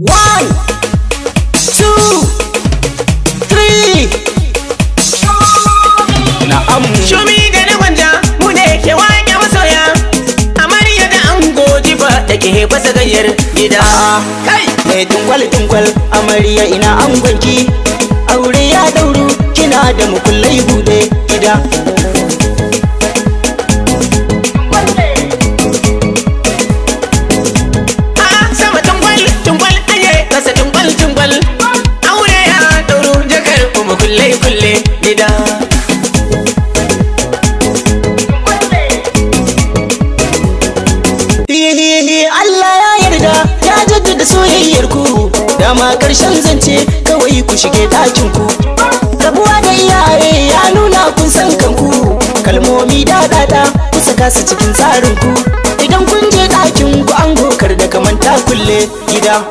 One, two, three. Na'am. Shumi da na gwanja mu ke yake wake masoya. Amarya da ango jifa da ke fasa gayyar gida. Kai. Mai tunkwal tunkwal amarya ina angonki. Aure ya dauru kina da mukullai buɗe gida. jaddada da soyayyar ku dama karshen zance kawai ku shige ɗakin ku rabuwa da iyaye ya nuna kun san kanku kalmomi dada ku saka su cikin tsarin ku idan kun je ɗakin ku an gokar da kamanta kulle gida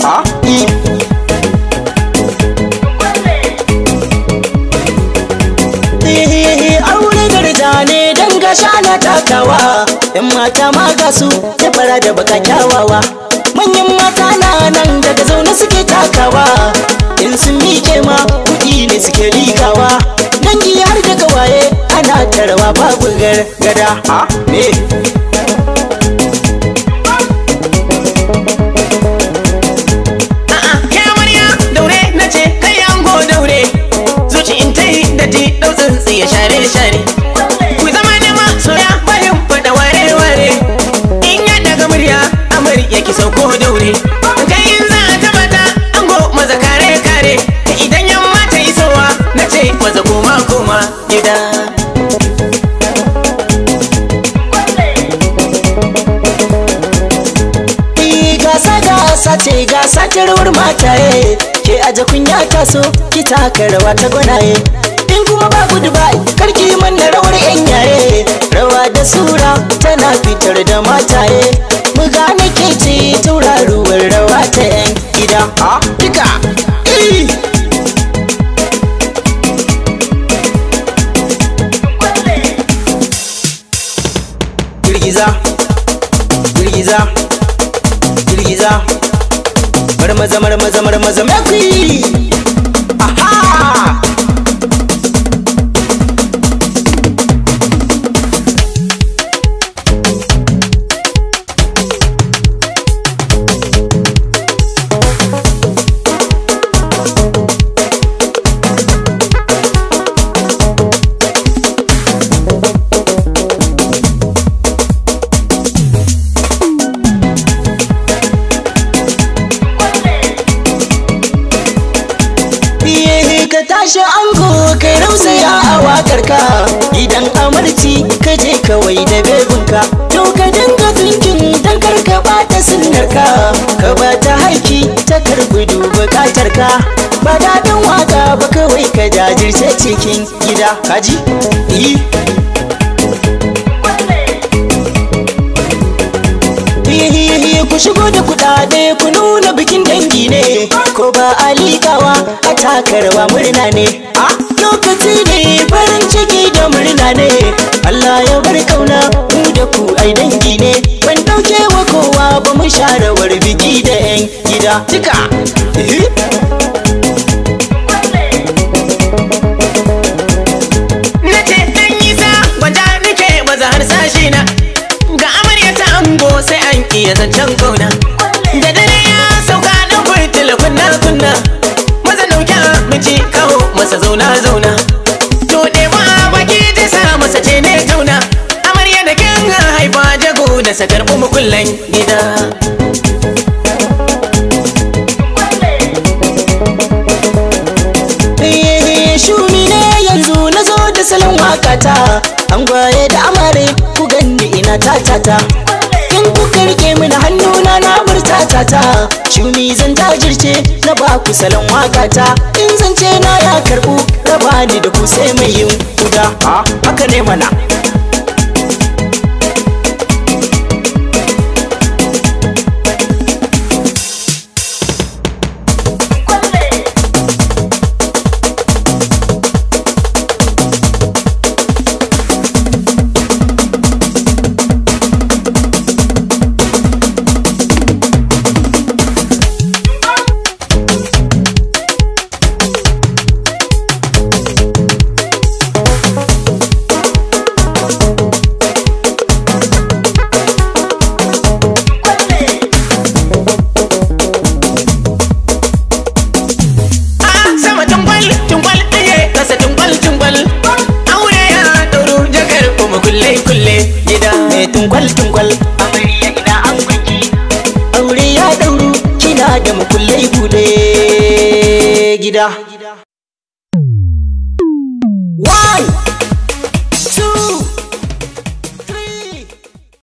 eh, shana takawa yan mata ma gasu ya fara da baka kyawawa babu gargada ha me ce gasa ta rawar ye ke aje kunya taso ki taka rawa ta gwanaye in kuma ba gudu ba karki na rawar yan yare rawa da sura tana fitar da ye mu gane ke ce tauraruwar rawa ta yan gida a ah, duka Girgiza, girgiza, girgiza. Marmaza marmaza marmaza make kashe ango kai rausaya a wakar ka idan amarci ka je kawai da bebinka to ka dinga tsinkin dan karka bata sunnar ka ka bata haiki ta kargudu bukatar ka ba daɗin waka ba kawai ka jajirce cikin gida kaji yi ku shigo da kuɗaɗe ku nuna bikin dangi ne ko ba alikawa takarwa murna ne a lokaci ne farin ciki da murna ne Allah ya bar kauna ku da ku ai dangi ne ban dauke wa kowa ba mu sharawar biki da yan gida na. Ga amarya ta ango sai an iya zancen kauna masa zauna zauna to ma baki ta sa masa ce ne tauna amarya da kin haifa jago da sa karɓi mukullan gida eh, shumi ne yanzu na zo da salon wakata an gwaye da amare ku ganni ina tatata karke mini hannuna na murta ta shuni zan jajirce na ba ku salon waka ta in zance na ya karbu raba ni da ku sai mai yin kuda haka ne mana dungwal-dungwal amarya ina an gunki aure ya dauru kina da mukullai bude gida